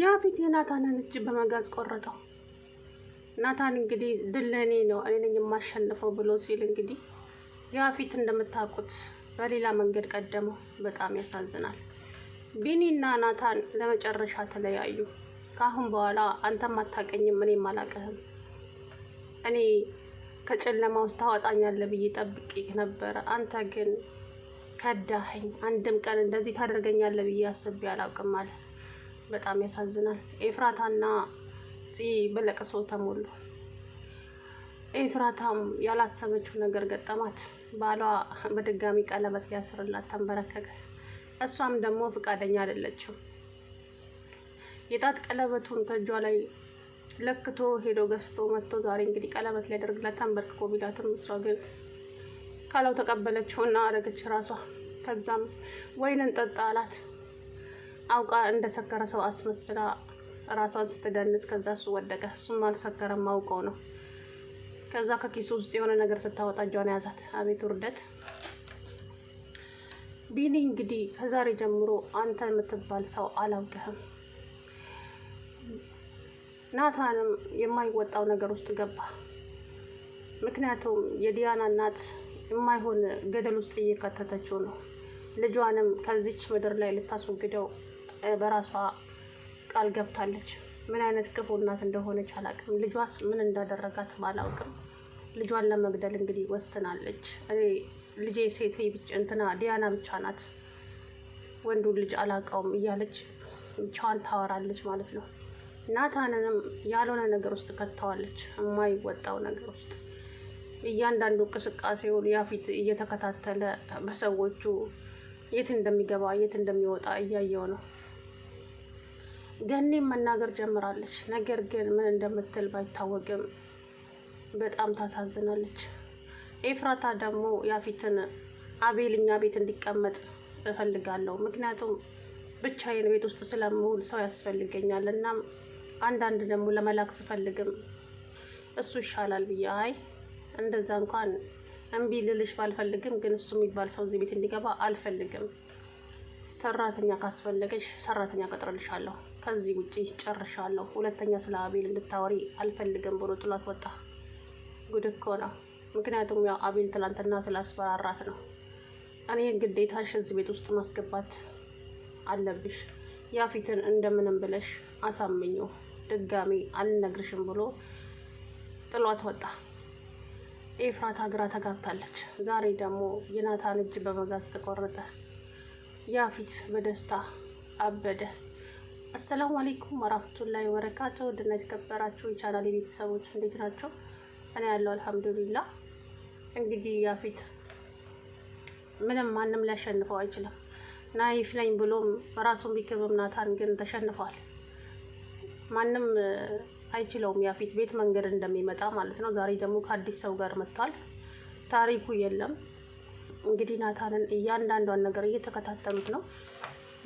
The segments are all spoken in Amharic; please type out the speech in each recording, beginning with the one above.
ያፌት የናታንን እጅ በመጋዝ ቆረጠው። ናታን እንግዲህ ድል ለእኔ ነው እኔ ነኝ የማሸንፈው ብሎ ሲል እንግዲህ ያፌት እንደምታውቁት በሌላ መንገድ ቀደመው። በጣም ያሳዝናል። ቢኒና ናታን ለመጨረሻ ተለያዩ። ከአሁን በኋላ አንተም አታቀኝም፣ እኔም አላቀህም። እኔ ከጨለማ ውስጥ ታወጣኛለህ ብዬ ጠብቄህ ነበረ። አንተ ግን ከዳኸኝ። አንድም ቀን እንደዚህ ታደርገኛለህ ብዬ አስቤ አላውቅም አለ። በጣም ያሳዝናል። ኤፍራታና ፂ በለቅሶ ተሞሉ። ኤፍራታም ያላሰበችው ነገር ገጠማት። ባሏ በድጋሚ ቀለበት ሊያስርላት ተንበረከከ። እሷም ደግሞ ፈቃደኛ አይደለችም። የጣት ቀለበቱን ከእጇ ላይ ለክቶ ሄዶ ገዝቶ መጥቶ ዛሬ እንግዲህ ቀለበት ሊያደርግላት ተንበርክኮ ቢላትም እሷ ግን ካለው እና አደረገች ራሷ። ከዛም ወይንን ጠጣ አላት። አውቃ እንደሰከረ ሰው አስመስላ ራሷን ስትደንስ፣ ከዛ እሱ ወደቀ። እሱም አልሰከረም አውቀው ነው። ከዛ ከኪሱ ውስጥ የሆነ ነገር ስታወጣ እጇን ያዛት። አቤት ውርደት! ቢኒ እንግዲህ ከዛሬ ጀምሮ አንተ የምትባል ሰው አላውቅህም። ናታንም የማይወጣው ነገር ውስጥ ገባ። ምክንያቱም የዲያና እናት የማይሆን ገደል ውስጥ እየከተተችው ነው። ልጇንም ከዚች ምድር ላይ ልታስወግደው በራሷ ቃል ገብታለች። ምን አይነት ክፉ እናት እንደሆነች አላውቅም። ልጇስ ምን እንዳደረጋትም አላውቅም። ልጇን ለመግደል እንግዲህ ወስናለች። እኔ ልጄ ሴት እንትና ዲያና ብቻ ናት ወንዱን ልጅ አላውቀውም እያለች ብቻዋን ታወራለች ማለት ነው። ናታንንም ያልሆነ ነገር ውስጥ ከተዋለች፣ የማይወጣው ነገር ውስጥ እያንዳንዱ እንቅስቃሴውን ያፊት እየተከታተለ በሰዎቹ የት እንደሚገባ የት እንደሚወጣ እያየው ነው። ገኔም መናገር ጀምራለች። ነገር ግን ምን እንደምትል ባይታወቅም በጣም ታሳዝናለች። ኤፍራታ ደግሞ ያፊትን አቤል እኛ ቤት እንዲቀመጥ እፈልጋለሁ፣ ምክንያቱም ብቻዬን ቤት ውስጥ ስለምውል ሰው ያስፈልገኛል። እናም አንዳንድ ደግሞ ለመላክ ስፈልግም እሱ ይሻላል ብዬ አይ እንደዛ እንኳን እምቢ ልልሽ ባልፈልግም፣ ግን እሱ የሚባል ሰው እዚህ ቤት እንዲገባ አልፈልግም። ሰራተኛ ካስፈለገች ሰራተኛ ቀጥረልሻለሁ ከዚህ ውጪ ጨርሻለሁ፣ ሁለተኛ ስለ አቤል እንድታወሪ አልፈልግም ብሎ ጥሏት ወጣ። ጉድ እኮ ነው። ምክንያቱም ያው አቤል ትላንትና ስላስፈራራት ነው። እኔ ግዴታሽ እዚህ ቤት ውስጥ ማስገባት አለብሽ፣ ያፊትን እንደምንም ብለሽ አሳምኙ። ድጋሚ አልነግርሽም ብሎ ጥሏት ወጣ። ኤፍራት ግራ ተጋብታለች። ዛሬ ደግሞ የናታን እጅ በመጋዝ ተቆረጠ። ያፊት በደስታ አበደ። አሰላሙ አሌይኩም ወራህመቱላሂ ወበረካቱ ድና የተከበራችሁ የቻናል የቤተሰቦች እንዴት ናቸው? እኔ ያለው አልሐምዱሊላ። እንግዲህ ያፌት ምንም ማንም ሊያሸንፈው አይችልም። ናይፍ ነኝ ብሎም ራሱን ቢክብም ናታን ግን ተሸንፏል። ማንም አይችለውም። ያፌት ቤት መንገድ እንደሚመጣ ማለት ነው። ዛሬ ደግሞ ከአዲስ ሰው ጋር መጥቷል። ታሪኩ የለም እንግዲህ ናታንን እያንዳንዷን ነገር እየተከታተሉት ነው።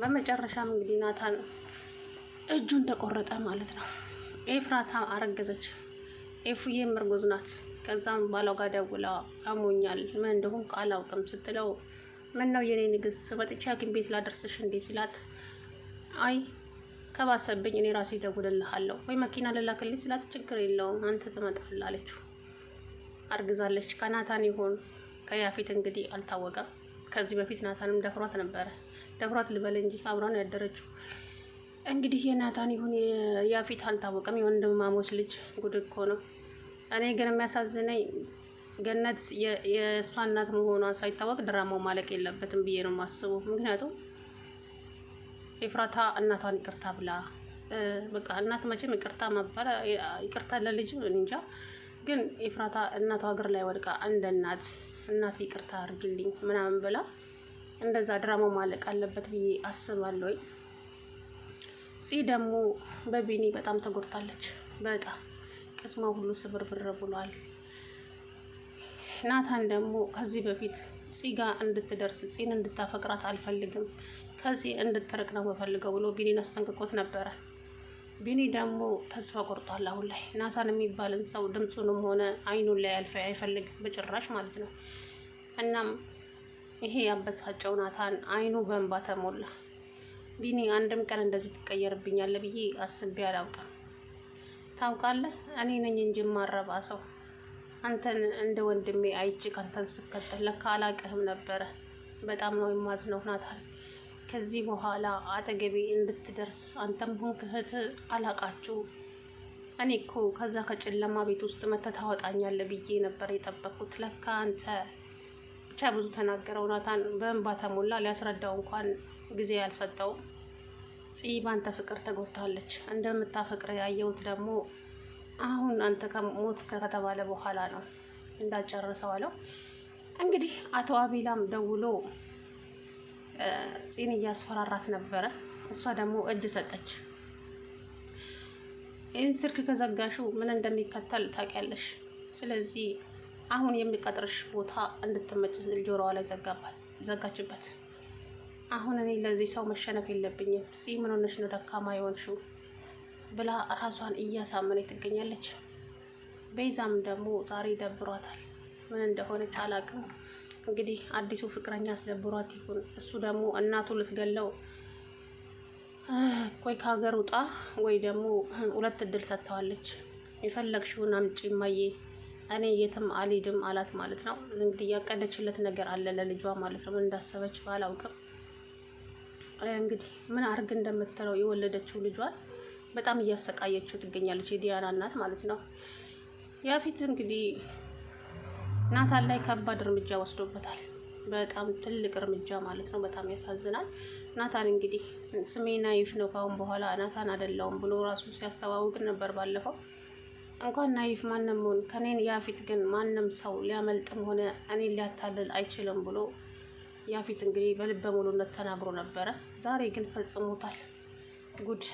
በመጨረሻም እንግዲህ ናታን እጁን ተቆረጠ ማለት ነው። ኤፍራታ አረገዘች። ኤፉዬም እርጉዝ ናት። ከዛም ባለው ጋር ደውላ አሞኛል፣ ምን እንደሆን አላውቅም ስትለው ምን ነው የኔ ንግስት፣ መጥቼ ሐኪም ቤት ላደርስሽ እንዴ ሲላት አይ ከባሰብኝ እኔ ራሴ እደውልልሃለሁ ወይ መኪና ልላክልኝ ስላት ችግር የለውም አንተ ትመጣለህ አለችው። አርግዛለች። ከናታን ይሆን ከያፌት እንግዲህ አልታወቀም። ከዚህ በፊት ናታንም ደፍሯት ነበረ። ደፍሯት ልበል እንጂ አብራን ያደረችው እንግዲህ የናታን ይሁን ያፊት አልታወቀም። የወንድማማች ልጅ ጉድ እኮ ነው። እኔ ግን የሚያሳዝነኝ ገነት የእሷ እናት መሆኗን ሳይታወቅ ድራማው ማለቅ የለበትም ብዬ ነው የማስበው። ምክንያቱም ኤፍራታ እናቷን ይቅርታ ብላ በቃ እናት መቼም ይቅርታ ማባል ይቅርታ ለልጅ እንጃ፣ ግን ኤፍራታ እናቷ እግር ላይ ወድቃ እንደ እናት እናት ይቅርታ አድርግልኝ ምናምን ብላ እንደዛ ድራማው ማለቅ አለበት ብዬ ወይ ፂ ደግሞ በቢኒ በጣም ተጎድታለች። በጣም ቅስሟ ሁሉ ስብርብር ብሏል። ናታን ደግሞ ከዚህ በፊት ፂ ጋ እንድትደርስ ፂን እንድታፈቅራት አልፈልግም፣ ከዚህ እንድትርቅ ነው የምፈልገው ብሎ ቢኒን አስጠንቅቆት ነበረ። ቢኒ ደግሞ ተስፋ ቆርጧል። አሁን ላይ ናታን የሚባልን ሰው ድምፁንም ሆነ አይኑን ላይ አልፈ አይፈልግም በጭራሽ ማለት ነው። እናም ይሄ ያበሳጨው ናታን አይኑ በእንባ ተሞላ። ቢኒ አንድም ቀን እንደዚህ ትቀየርብኛለ ብዬ አስቤ አላውቅም። ታውቃለህ እኔ ነኝ እንጂ ማረባ ሰው አንተን እንደ ወንድሜ አይቼ ካንተን ስከተል ለካ አላቅህም ነበረ። በጣም ነው የማዝነው ናታል። ከዚህ በኋላ አጠገቤ እንድትደርስ አንተም ሆንክ እህትህ አላቃችሁ። እኔ እኮ ከዛ ከጨለማ ቤት ውስጥ መተህ ታወጣኛለህ ብዬ ነበር የጠበኩት። ለካ አንተ ብቻ ብዙ ተናገረው ናታን በእንባ ተሞላ። ሊያስረዳው እንኳን ጊዜ አልሰጠውም። ጽ በአንተ ፍቅር ተጎድታለች። እንደምታፈቅር ያየሁት ደግሞ አሁን አንተ ከሞት ከተባለ በኋላ ነው እንዳጨረሰው አለው። እንግዲህ አቶ አቢላም ደውሎ ጽን እያስፈራራት ነበረ። እሷ ደግሞ እጅ ሰጠች። ይህን ስልክ ከዘጋሹ ምን እንደሚከተል ታውቂያለሽ። ስለዚህ አሁን የሚቀጥርሽ ቦታ እንድትመጭ ጆሮዋ ላይ ዘጋችበት። አሁን እኔ ለዚህ ሰው መሸነፍ የለብኝም ፂ ምን ሆነሽ ነው ደካማ የሆንሽው ብላ ራሷን እያሳመነች ትገኛለች። ቤዛም ደግሞ ዛሬ ደብሯታል። ምን እንደሆነች አላውቅም። እንግዲህ አዲሱ ፍቅረኛ አስደብሯት ይሁን እሱ ደግሞ እናቱ ልትገለው ቆይ ከሀገር ውጣ ወይ ደግሞ ሁለት እድል ሰጥተዋለች። የፈለግሽውን አምጪ ማዬ እኔ የትም አልሄድም አላት ማለት ነው። እንግዲህ ያቀደችለት ነገር አለ ለልጇ ማለት ነው። ምን እንዳሰበች ባላውቅም እንግዲህ ምን አርግ እንደምትለው የወለደችው ልጇን በጣም እያሰቃየችው ትገኛለች። የዲያና እናት ማለት ነው። ያፊት እንግዲህ ናታን ላይ ከባድ እርምጃ ወስዶበታል። በጣም ትልቅ እርምጃ ማለት ነው። በጣም ያሳዝናል። ናታን እንግዲህ ስሜ ናይፍ ነው ካሁን በኋላ ናታን አይደለውም ብሎ ራሱ ሲያስተዋውቅ ነበር ባለፈው። እንኳን ናይፍ ማንም ሆን ከኔን ያፊት ግን ማንም ሰው ሊያመልጥም ሆነ እኔን ሊያታልል አይችልም ብሎ ያፊት እንግዲህ በልበ ሙሉነት ተናግሮ ነበረ። ዛሬ ግን ፈጽሞታል። ጉድ